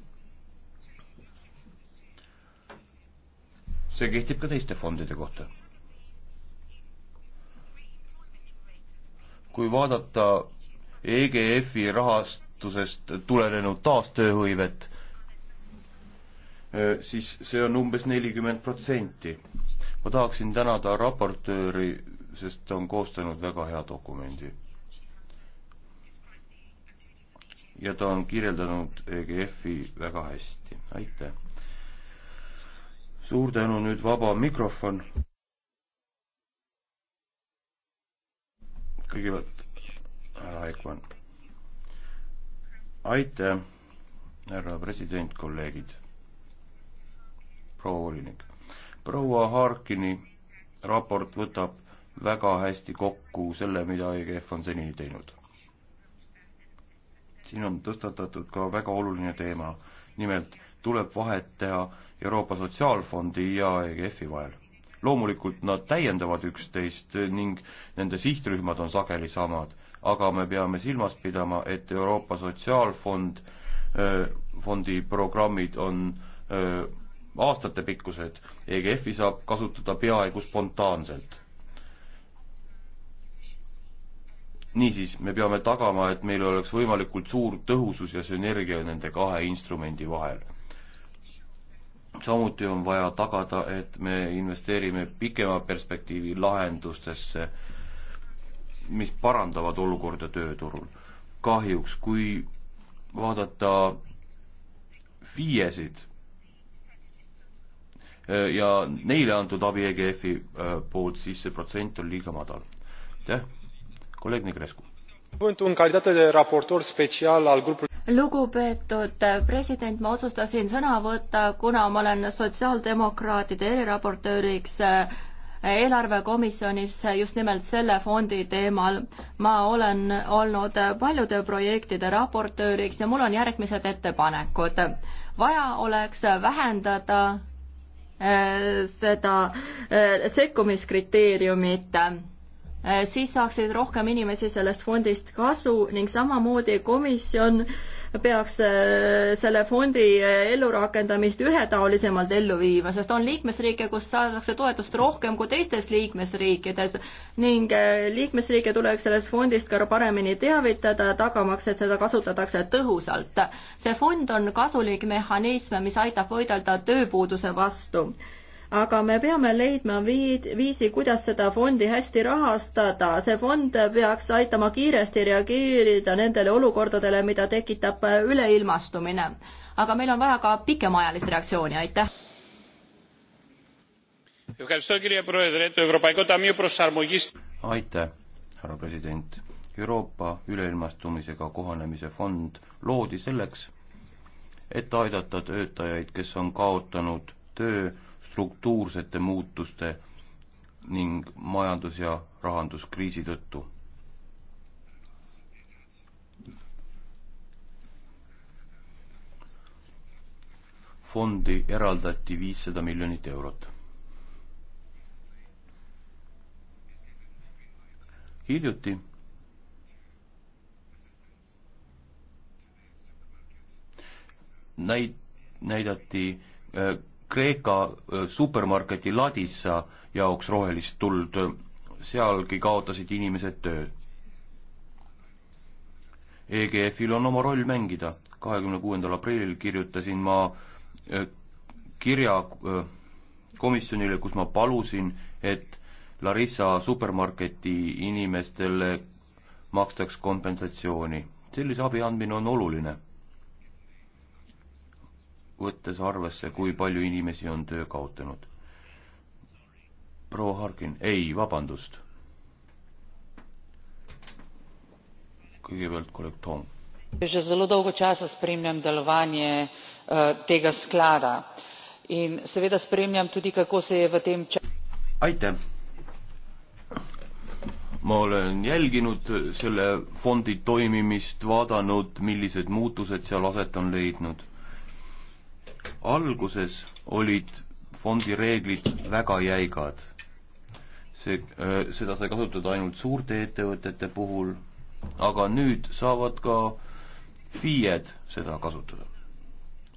see kehtib ka teiste fondide kohta. kui vaadata EGF-i rahastusest tulenenud taastööhõivet, eh, siis see on umbes nelikümmend protsenti. ma tahaksin tänada raportööri, sest ta on koostanud väga hea dokumendi. ja ta on kirjeldanud EGF-i väga hästi, aitäh! suur tänu, nüüd vaba mikrofon. kõigepealt härra Eikmann. aitäh, härra president, kolleegid, proua volinik. proua Harkini raport võtab väga hästi kokku selle, mida EGF on senini teinud. siin on tõstatatud ka väga oluline teema, nimelt tuleb vahet teha Euroopa Sotsiaalfondi ja EGF-i vahel. loomulikult nad täiendavad üksteist ning nende sihtrühmad on sageli samad, aga me peame silmas pidama, et Euroopa Sotsiaalfond, fondi programmid on öö, aastatepikkused, EGF-i saab kasutada peaaegu spontaanselt. niisiis, me peame tagama, et meil oleks võimalikult suur tõhusus ja sünergia nende kahe instrumendi vahel samuti on vaja tagada, et me investeerime pikema perspektiivi lahendustesse, mis parandavad olukorda tööturul. kahjuks, kui vaadata FIE-sid äh, ja neile antud abi EGF-i äh, poolt, siis see protsent on liiga madal. aitäh, kolleeg Negrescu. cuvântul în calitate de raportor special al grupului
lugupeetud president, ma otsustasin sõna võtta, kuna ma olen sotsiaaldemokraatide eriraportööriks eh, eelarvekomisjonis eh, just nimelt selle fondi teemal. ma olen olnud paljude projektide raportööriks ja mul on järgmised ettepanekud. vaja oleks vähendada eh, seda sekkumiskriteeriumit siis saaksid rohkem inimesi sellest fondist kasu ning samamoodi komisjon peaks äh, selle fondi äh, ellurakendamist ühetaolisemalt ellu viima, sest on liikmesriike, kus saadakse toetust rohkem kui teistes liikmesriikides ning äh, liikmesriike tuleks sellest fondist ka paremini teavitada, tagamaks, et seda kasutatakse tõhusalt. see fond on kasulik mehhanism, mis aitab võidelda tööpuuduse vastu aga me peame leidma viid, viisi, kuidas seda fondi hästi rahastada. see fond peaks aitama kiiresti reageerida nendele olukordadele, mida tekitab üleilmastumine. aga meil on vaja ka pikemaajalist reaktsiooni, aitäh.
aitäh, härra president. Euroopa üleilmastumisega kohanemise fond loodi selleks, et aidata töötajaid, kes on kaotanud töö struktuursete muutuste ning majandus- ja rahanduskriisi tõttu. fondi eraldati viissada miljonit eurot. hiljuti näit-, näidati äh, Kreeka supermarketi Ladissa jaoks rohelist tuld, sealgi kaotasid inimesed töö. EGF-il on oma roll mängida, kahekümne kuuendal aprillil kirjutasin ma kirja komisjonile, kus ma palusin, et Larissa supermarketi inimestele makstaks kompensatsiooni. sellise abi andmine on oluline võttes arvesse, kui palju inimesi on töö kaotanud. proua Harkin, ei, vabandust. kõigepealt kolleeg Toom.
že zelo dolgo časa spremljam delovanje eh, tega sklada in seveda spremljam tudi, kako se je v tem
aitäh! ma olen jälginud selle fondi toimimist, vaadanud, millised muutused seal aset on leidnud alguses olid fondi reeglid väga jäigad. see, seda sai kasutada ainult suurte ettevõtete puhul, aga nüüd saavad ka FIE-d seda kasutada.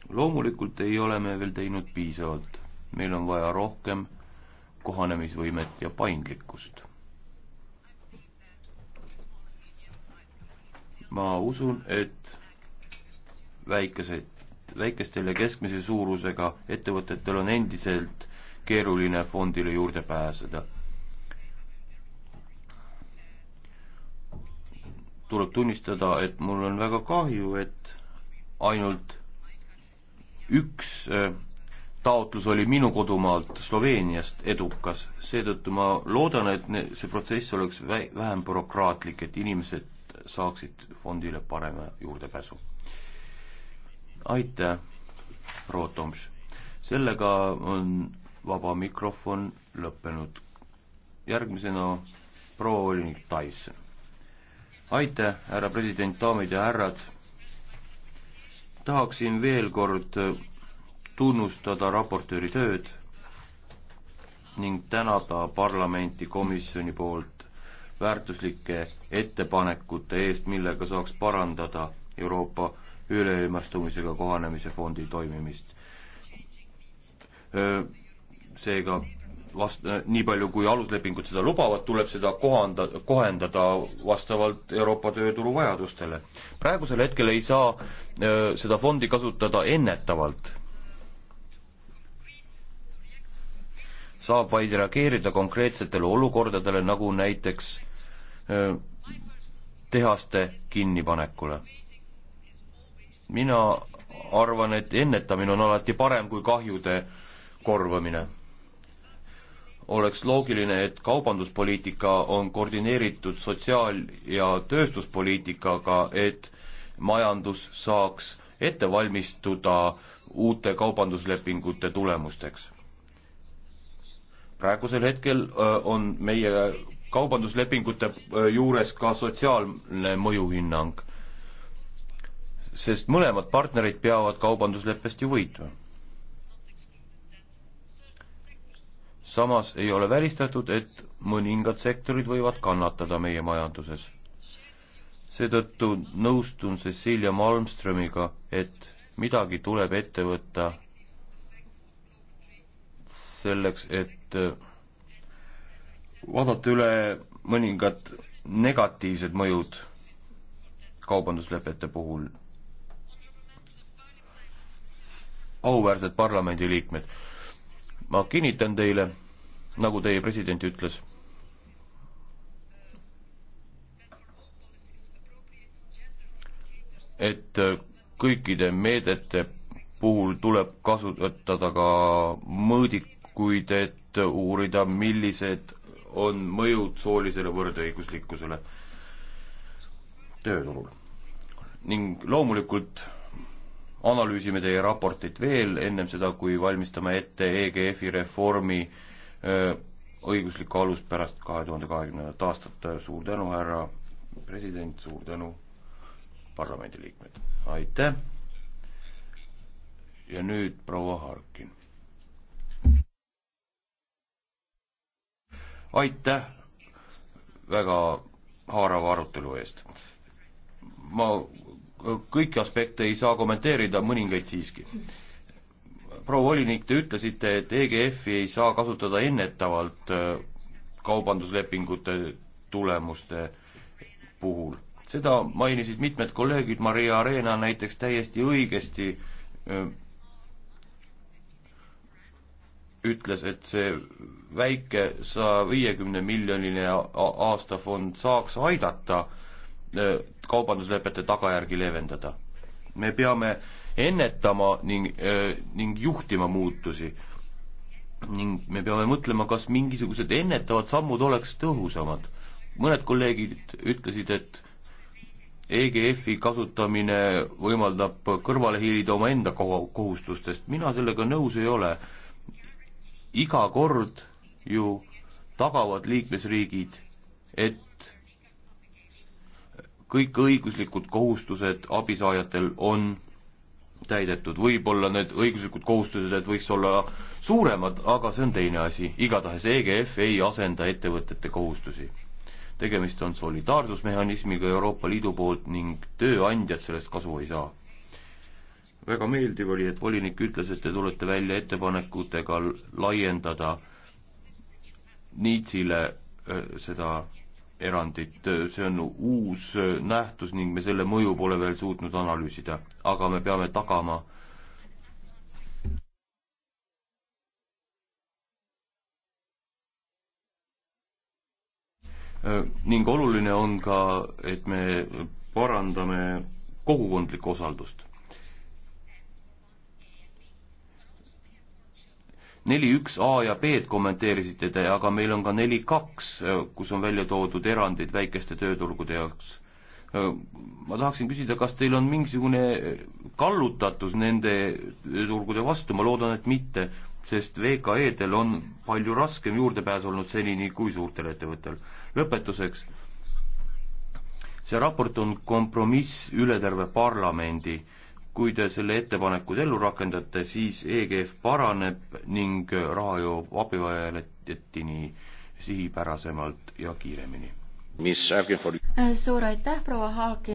loomulikult ei ole me veel teinud piisavalt, meil on vaja rohkem kohanemisvõimet ja paindlikkust. ma usun, et väikesed väikestel ja keskmise suurusega ettevõtetel on endiselt keeruline fondile juurde pääseda. tuleb tunnistada, et mul on väga kahju, et ainult üks äh, taotlus oli minu kodumaalt Sloveeniast edukas, seetõttu ma loodan, et ne, see protsess oleks vä-, vähem bürokraatlik, et inimesed saaksid fondile parema juurdepääsu aitäh, proua Toms. sellega on vaba mikrofon lõppenud. järgmisena proua volinik Tyson. aitäh, härra president, daamid ja härrad. tahaksin veel kord tunnustada raportööri tööd ning tänada parlamenti komisjoni poolt väärtuslike ettepanekute eest, millega saaks parandada Euroopa üleilmastumisega kohanemise fondi toimimist. seega vast-, nii palju, kui aluslepingud seda lubavad, tuleb seda kohanda, kohendada vastavalt Euroopa tööturu vajadustele. praegusel hetkel ei saa öö, seda fondi kasutada ennetavalt. saab vaid reageerida konkreetsetele olukordadele, nagu näiteks öö, tehaste kinnipanekule mina arvan, et ennetamine on alati parem kui kahjude korvamine. oleks loogiline, et kaubanduspoliitika on koordineeritud sotsiaal- ja tööstuspoliitikaga, et majandus saaks ette valmistuda uute kaubanduslepingute tulemusteks. praegusel hetkel äh, on meie kaubanduslepingute äh, juures ka sotsiaalne mõjuhinnang sest mõlemad partnerid peavad kaubandusleppest ju võitma. samas ei ole välistatud, et mõningad sektorid võivad kannatada meie majanduses. seetõttu nõustun Cecilia Malmströmiga, et midagi tuleb ette võtta selleks, et vaadata üle mõningad negatiivsed mõjud kaubanduslepete puhul auväärsed parlamendiliikmed, ma kinnitan teile, nagu teie president ütles, et kõikide meedete puhul tuleb kasutada ka mõõdikuid, et uurida, millised on mõjud soolisele võrdõiguslikkusele tööturul. ning loomulikult analüüsime teie raportit veel ennem seda, kui valmistame ette EGF-i reformi õiguslikku alust pärast kahe tuhande kahekümnendat aastat. suur tänu, härra president, suur tänu, parlamendiliikmed. aitäh. ja nüüd proua Harkin. aitäh väga haarava arutelu eest. ma kõiki aspekte ei saa kommenteerida, mõningaid siiski. proua volinik, te ütlesite, et EGF-i ei saa kasutada ennetavalt äh, kaubanduslepingute tulemuste puhul. seda mainisid mitmed kolleegid, Maria Arena näiteks täiesti õigesti äh, ütles, et see väike saja viiekümne miljoniline aastafond saaks aidata kaubanduslepete tagajärgi leevendada. me peame ennetama ning, ning juhtima muutusi. ning me peame mõtlema, kas mingisugused ennetavad sammud oleks tõhusamad. mõned kolleegid ütlesid, et EGF-i kasutamine võimaldab kõrvale hiilida omaenda kohustustest, mina sellega nõus ei ole. iga kord ju tagavad liikmesriigid, et kõik õiguslikud kohustused abisaajatel on täidetud, võib-olla need õiguslikud kohustused võiks olla suuremad, aga see on teine asi, igatahes EGF ei asenda ettevõtete kohustusi. tegemist on solidaarsusmehhanismiga Euroopa Liidu poolt ning tööandjad sellest kasu ei saa. väga meeldiv oli, et volinik ütles, et te tulete välja ettepanekutega laiendada NEETS-ile äh, seda erandit, äh, see on uus äh, nähtus ning me selle mõju pole veel suutnud analüüsida, aga me peame tagama äh, ning oluline on ka, et me parandame kogukondlikku osaldust. neli üks A ja B-d kommenteerisite te, aga meil on ka neli kaks, äh, kus on välja toodud erandid väikeste tööturgude jaoks. Äh, ma tahaksin küsida, kas teil on mingisugune äh, kallutatus nende tööturgude vastu, ma loodan, et mitte, sest VKE-del on palju raskem juurdepääs olnud senini kui suurtel ettevõttel. lõpetuseks, see raport on kompromiss üle terve parlamendi kui te selle ettepanekud ellu rakendate, siis EGF paraneb ning raha jõuab abivajajateni sihipärasemalt ja kiiremini. Äh,
suur aitäh, proua Haak!